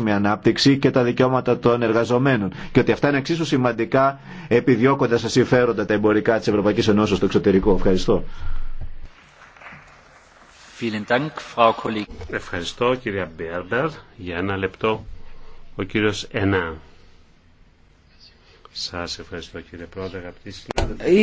με ανάπτυξη και τα δικαιώματα των εργαζομένων. Και ότι αυτά είναι εξίσου σημαντικά επιδιώκοντα τα συμφέροντα τα εμπορικά τη Ευρωπαϊκή Ενώσεω στο εξωτερικό. Ευχαριστώ. Ευχαριστώ κυρία Μπέρμπερ. Για ένα λεπτό ο κύριος Ενά. Σας ευχαριστώ κύριε Πρόεδρε, αγαπητοί συνάδελφοι.